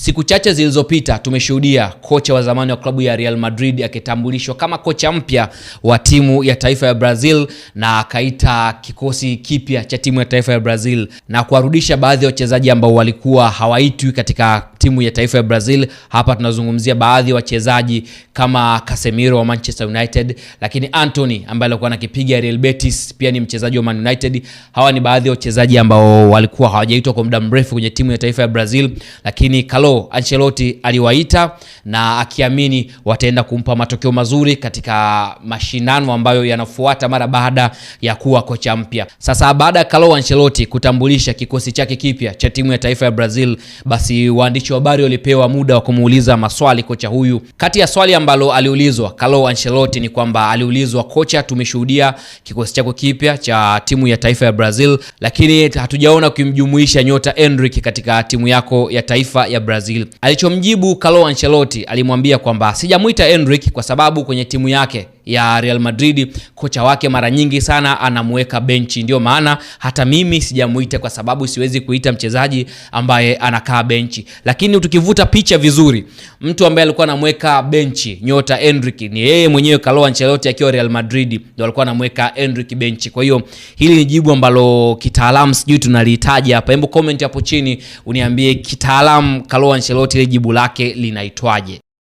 Siku chache zilizopita tumeshuhudia kocha wa zamani wa klabu ya Real Madrid akitambulishwa kama kocha mpya wa timu ya taifa ya Brazil na akaita kikosi kipya cha timu ya taifa ya Brazil na kuwarudisha baadhi ya wachezaji ambao walikuwa hawaitwi katika timu ya taifa ya Brazil. Hapa tunazungumzia baadhi ya wachezaji kama Casemiro wa Manchester United, lakini Anthony ambaye alikuwa anakipiga Real Betis pia ni mchezaji wa Man United. Hawa ni baadhi ya wachezaji ambao walikuwa hawajaitwa kwa muda mrefu kwenye timu ya taifa ya Brazil, lakini Carlo Ancelotti aliwaita na akiamini wataenda kumpa matokeo mazuri katika mashindano ambayo yanafuata mara baada ya kuwa kocha mpya. Sasa baada ya Carlo Ancelotti kutambulisha kikosi chake kipya cha timu ya taifa ya Brazil, basi waandishi waandishi wa habari walipewa muda wa kumuuliza maswali kocha huyu. Kati ya swali ambalo aliulizwa Carlo Ancelotti ni kwamba aliulizwa, kocha, tumeshuhudia kikosi chako kipya cha timu ya taifa ya Brazil, lakini hatujaona ukimjumuisha nyota Endrick katika timu yako ya taifa ya Brazil. Alichomjibu Carlo Ancelotti, alimwambia kwamba sijamwita Endrick kwa sababu kwenye timu yake ya Real Madrid, kocha wake mara nyingi sana anamweka benchi. Ndio maana hata mimi sijamuita, kwa sababu siwezi kuita mchezaji ambaye anakaa benchi. Lakini tukivuta picha vizuri, mtu ambaye alikuwa anamweka benchi nyota Endrick ni yeye mwenyewe Carlo Ancelotti akiwa Real Madrid, ndio alikuwa anamweka Endrick benchi. Kwa hiyo hili ni jibu ambalo kitaalamu sijui tunalihitaji hapa. Hebu comment hapo chini uniambie kitaalamu Carlo Ancelotti ile jibu lake linaitwaje?